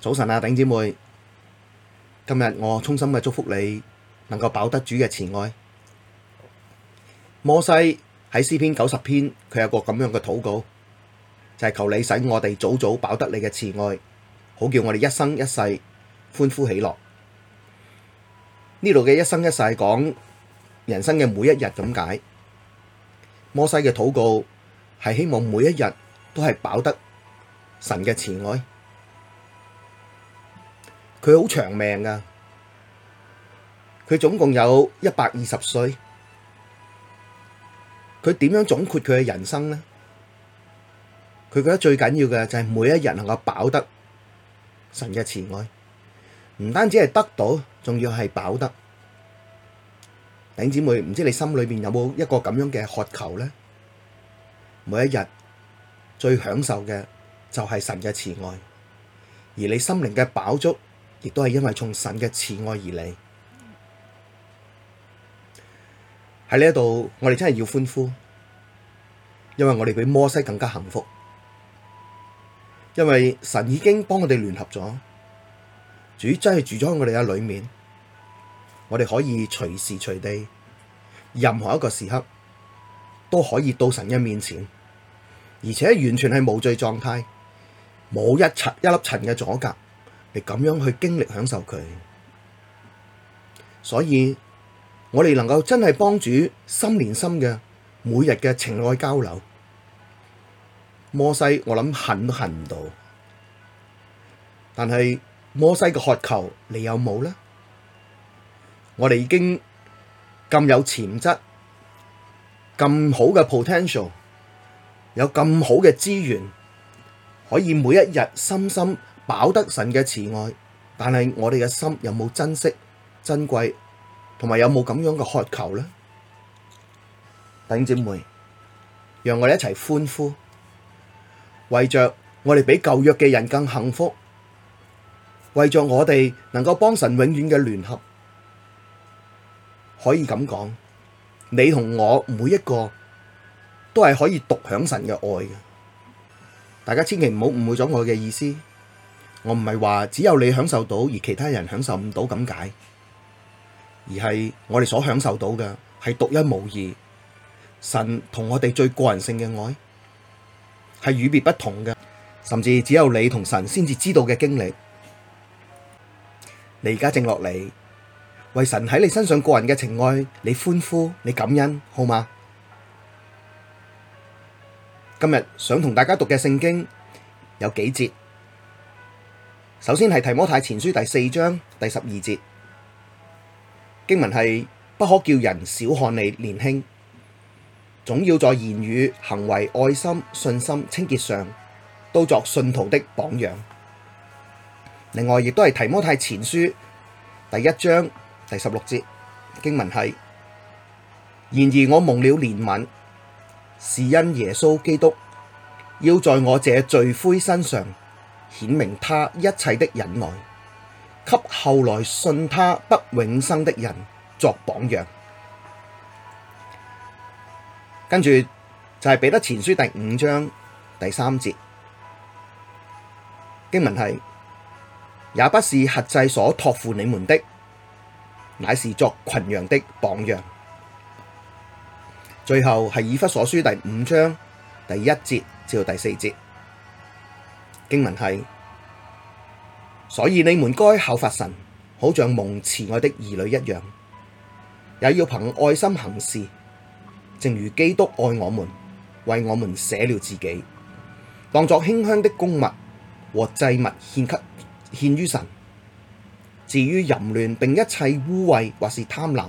早晨啊，頂姐妹！今日我衷心嘅祝福你，能夠飽得主嘅慈愛。摩西喺詩篇九十篇，佢有個咁樣嘅禱告，就係求你使我哋早早飽得你嘅慈愛，好叫我哋一生一世歡呼喜樂。呢度嘅一生一世講人生嘅每一日咁解。摩西嘅禱告係希望每一日都係飽得神嘅慈愛。佢好長命噶，佢總共有一百二十歲。佢點樣總括佢嘅人生呢？佢覺得最緊要嘅就係每一日能夠飽得神嘅慈愛，唔單止係得到，仲要係飽得。弟兄姊妹，唔知你心裏面有冇一個咁樣嘅渴求呢？每一日最享受嘅就係神嘅慈愛，而你心靈嘅飽足。亦都係因為從神嘅慈愛而嚟，喺呢一度我哋真係要歡呼，因為我哋比摩西更加幸福，因為神已經幫我哋聯合咗，主真係住咗喺我哋嘅裏面，我哋可以隨時隨地，任何一個時刻都可以到神嘅面前，而且完全係無罪狀態，冇一一粒塵嘅阻隔。你咁樣去經歷享受佢，所以我哋能夠真係幫主心連心嘅每日嘅情愛交流。摩西我諗恨都恨唔到，但係摩西嘅渴求你有冇呢？我哋已經咁有潛質，咁好嘅 potential，有咁好嘅資源，可以每一日深深。飽得神嘅慈愛，但係我哋嘅心有冇珍惜、珍貴，同埋有冇咁樣嘅渴求呢？弟兄姊妹，讓我哋一齊歡呼，為着我哋比舊約嘅人更幸福，為着我哋能夠幫神永遠嘅聯合，可以咁講，你同我每一個都係可以獨享神嘅愛嘅。大家千祈唔好誤會咗我嘅意思。我唔係話只有你享受到而其他人享受唔到咁解，而係我哋所享受到嘅係獨一無二，神同我哋最個人性嘅愛係與別不同嘅，甚至只有你同神先至知道嘅經歷。你而家靜落嚟為神喺你身上個人嘅情愛，你歡呼，你感恩，好嘛？今日想同大家讀嘅聖經有幾節？首先係提摩太前書第四章第十二節，經文係，不可叫人小看你年輕，總要在言語、行為、愛心、信心、清潔上都作信徒的榜樣。另外，亦都係提摩太前書第一章第十六節經文係，然而我蒙了憐憫，是因耶穌基督要在我這罪魁身上。顯明他一切的忍耐，給後來信他得永生的人作榜樣。跟住就係彼得前書第五章第三節經文係，也不是轄制所託付你們的，乃是作群羊的榜樣。最後係以弗所書第五章第一節至到第四節。經文係，所以你們該效法神，好像蒙慈愛的兒女一樣，也要憑愛心行事，正如基督愛我們，為我們捨了自己，當作馨香的供物和祭物獻給獻於神。至於淫亂並一切污穢，或是貪婪，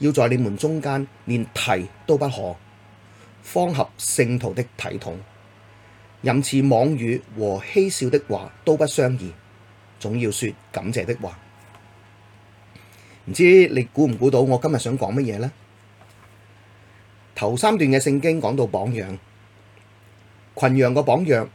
要在你們中間連提都不可，方合聖徒的體統。淫詞妄語和戲笑的話都不相宜，總要說感謝的話。唔知你估唔估到我今日想講乜嘢呢？頭三段嘅聖經講到榜樣，群羊嘅榜樣，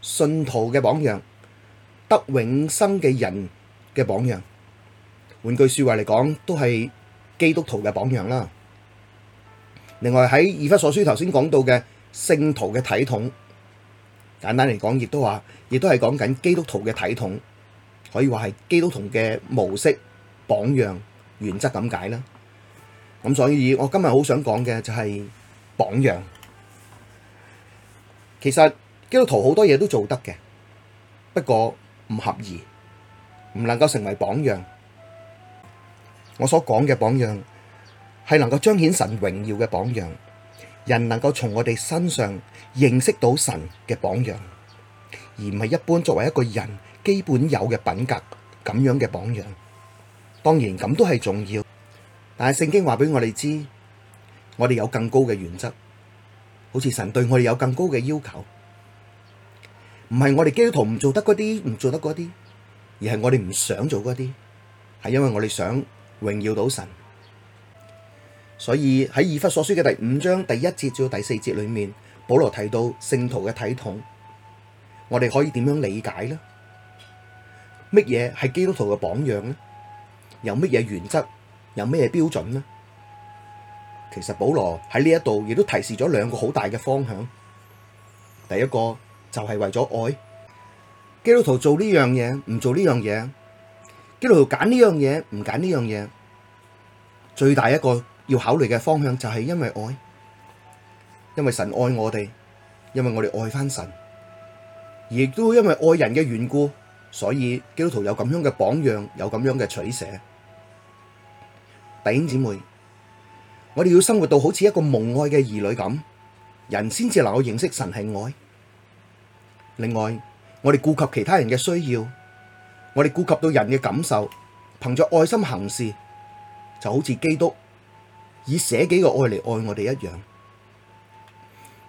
信徒嘅榜樣，得永生嘅人嘅榜樣。換句說話嚟講，都係基督徒嘅榜樣啦。另外喺以弗所書頭先講到嘅聖徒嘅體統。簡單嚟講，亦都話，亦都係講緊基督徒嘅體統，可以話係基督徒嘅模式、榜樣、原則咁解啦。咁所以，我今日好想講嘅就係榜樣。其實基督徒好多嘢都做得嘅，不過唔合宜，唔能夠成為榜樣。我所講嘅榜樣係能夠彰顯神榮耀嘅榜樣。人能夠從我哋身上認識到神嘅榜樣，而唔係一般作為一個人基本有嘅品格咁樣嘅榜樣。當然，咁都係重要。但係聖經話俾我哋知，我哋有更高嘅原則，好似神對我哋有更高嘅要求。唔係我哋基督徒唔做得嗰啲，唔做得嗰啲，而係我哋唔想做嗰啲，係因為我哋想榮耀到神。所以喺以弗所書嘅第五章第一節至到第四節裏面，保羅提到聖徒嘅體統，我哋可以點樣理解呢？乜嘢係基督徒嘅榜樣呢？有乜嘢原則？有咩嘢標準呢？其實保羅喺呢一度亦都提示咗兩個好大嘅方向。第一個就係為咗愛，基督徒做呢樣嘢唔做呢樣嘢，基督徒揀呢樣嘢唔揀呢樣嘢，最大一個。要考慮嘅方向就係因為愛，因為神愛我哋，因為我哋愛返神，而亦都因為愛人嘅緣故，所以基督徒有咁樣嘅榜樣，有咁樣嘅取捨。弟兄姊妹，我哋要生活到好似一個蒙愛嘅兒女咁，人先至能夠認識神係愛。另外，我哋顧及其他人嘅需要，我哋顧及到人嘅感受，憑著愛心行事，就好似基督。以捨己嘅愛嚟愛我哋一樣，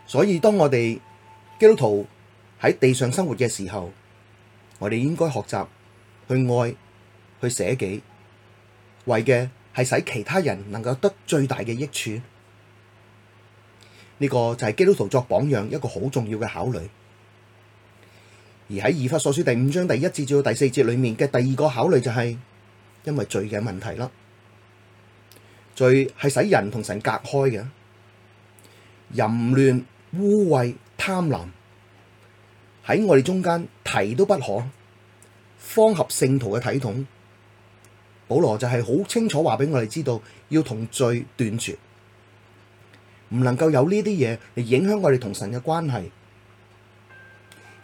所以當我哋基督徒喺地上生活嘅時候，我哋應該學習去愛、去捨己，為嘅係使其他人能夠得最大嘅益處。呢個就係基督徒作榜樣一個好重要嘅考慮。而喺《以弗所書》第五章第一節至到第四節裏面嘅第二個考慮就係因為罪嘅問題啦。罪係使人同神隔開嘅，淫亂、污穢、貪婪喺我哋中間提都不可，方合聖徒嘅體統。保羅就係好清楚話俾我哋知道，要同罪斷絕，唔能夠有呢啲嘢嚟影響我哋同神嘅關係，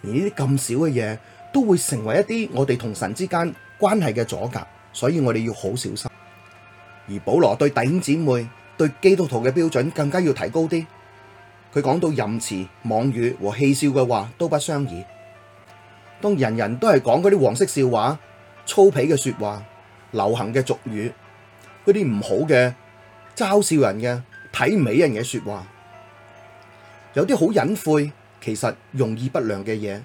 而呢啲咁小嘅嘢都會成為一啲我哋同神之間關係嘅阻隔，所以我哋要好小心。而保羅對弟兄姊妹、對基督徒嘅標準更加要提高啲。佢講到淫詞、妄語和戲笑嘅話都不相宜。當人人都係講嗰啲黃色笑話、粗鄙嘅說話、流行嘅俗語、嗰啲唔好嘅嘲笑人嘅、睇唔起人嘅說話，有啲好隱晦，其實容易不良嘅嘢，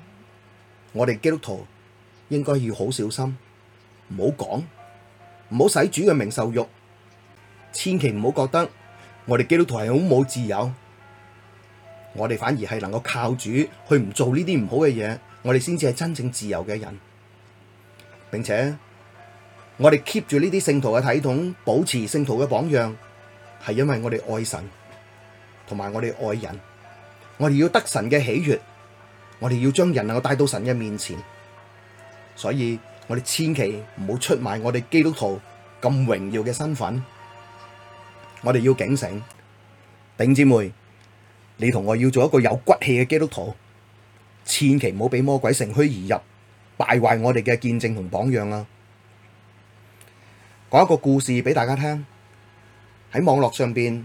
我哋基督徒應該要好小心，唔好講，唔好使主嘅名受辱。千祈唔好覺得我哋基督徒係好冇自由，我哋反而係能夠靠主去唔做呢啲唔好嘅嘢，我哋先至係真正自由嘅人，並且我哋 keep 住呢啲聖徒嘅體統，保持聖徒嘅榜樣，係因為我哋愛神，同埋我哋愛人，我哋要得神嘅喜悅，我哋要將人能夠帶到神嘅面前，所以我哋千祈唔好出賣我哋基督徒咁榮耀嘅身份。我哋要警醒，頂姊妹，你同我要做一個有骨氣嘅基督徒，千祈唔好俾魔鬼乘虛而入，敗壞我哋嘅見證同榜樣啊！講一個故事俾大家聽，喺網絡上邊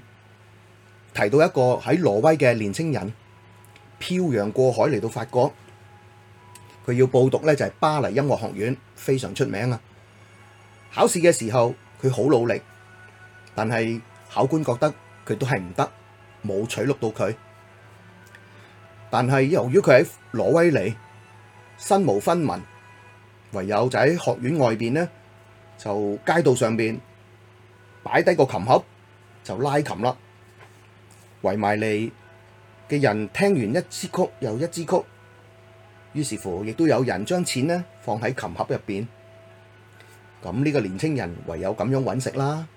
提到一個喺挪威嘅年青人，漂洋過海嚟到法國，佢要報讀呢就係巴黎音樂學院，非常出名啊！考試嘅時候佢好努力，但係，考官覺得佢都係唔得，冇取錄到佢。但係由於佢喺挪威嚟，身無分文，唯有就喺學院外邊呢，就街道上邊擺低個琴盒，就拉琴啦。圍埋嚟嘅人聽完一支曲又一支曲，於是乎亦都有人將錢呢放喺琴盒入邊。咁呢個年輕人唯有咁樣揾食啦。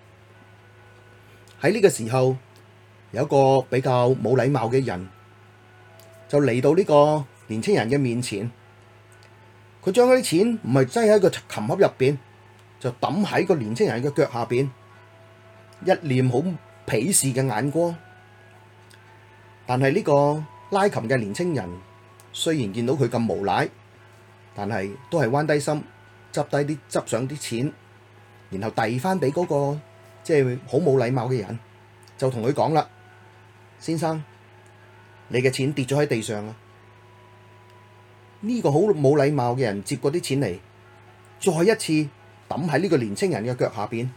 喺呢個時候，有一個比較冇禮貌嘅人，就嚟到呢個年青人嘅面前。佢將嗰啲錢唔係擠喺個琴盒入邊，就抌喺個年青人嘅腳下邊，一臉好鄙視嘅眼光。但係呢個拉琴嘅年青人，雖然見到佢咁無賴，但係都係彎低心，執低啲執上啲錢，然後遞翻俾嗰個。即係好冇禮貌嘅人，就同佢講啦：先生，你嘅錢跌咗喺地上啊！呢個好冇禮貌嘅人接過啲錢嚟，再一次抌喺呢個年青人嘅腳下邊，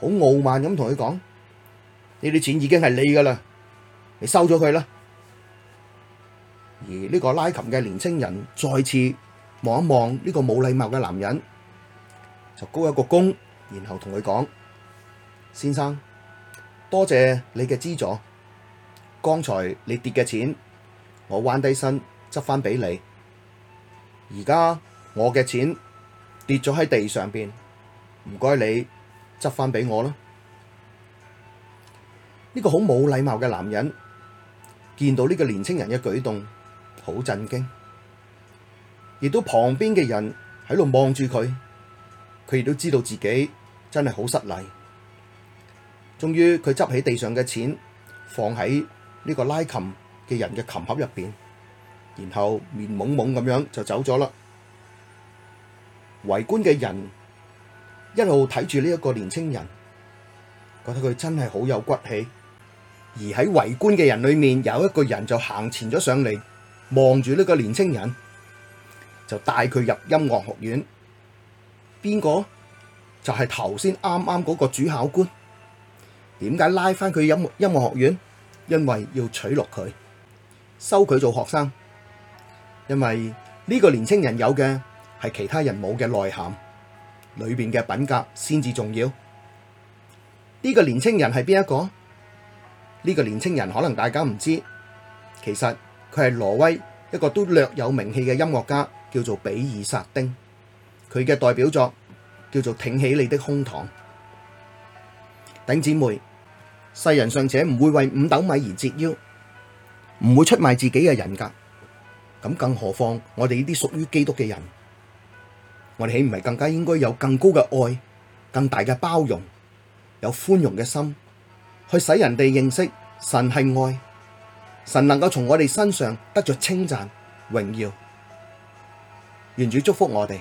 好傲慢咁同佢講：呢啲錢已經係你㗎啦，你收咗佢啦。而呢個拉琴嘅年青人再次望一望呢個冇禮貌嘅男人，就鞠一個躬，然後同佢講。先生，多謝你嘅資助。剛才你跌嘅錢，我彎低身執翻俾你。而家我嘅錢跌咗喺地上邊，唔該你執翻俾我啦。呢個好冇禮貌嘅男人見到呢個年輕人嘅舉動，好震驚，亦都旁邊嘅人喺度望住佢，佢亦都知道自己真係好失禮。終於佢執起地上嘅錢，放喺呢個拉琴嘅人嘅琴盒入邊，然後面懵懵咁樣就走咗啦。圍觀嘅人一路睇住呢一個年青人，覺得佢真係好有骨氣。而喺圍觀嘅人裏面，有一個人就行前咗上嚟，望住呢個年青人，就帶佢入音樂學院。邊個？就係頭先啱啱嗰個主考官。點解拉翻佢音樂音樂學院？因為要取錄佢，收佢做學生。因為呢個年青人有嘅係其他人冇嘅內涵，裏邊嘅品格先至重要。呢個年青人係邊一個？呢個年青人可能大家唔知，其實佢係挪威一個都略有名氣嘅音樂家，叫做比爾薩丁。佢嘅代表作叫做《挺起你的胸膛》。頂姐妹，世人尚且唔會為五斗米而折腰，唔會出賣自己嘅人格。咁更何況我哋呢啲屬於基督嘅人，我哋豈唔係更加應該有更高嘅愛、更大嘅包容、有寬容嘅心，去使人哋認識神係愛，神能夠從我哋身上得着稱讚、榮耀。願主祝福我哋。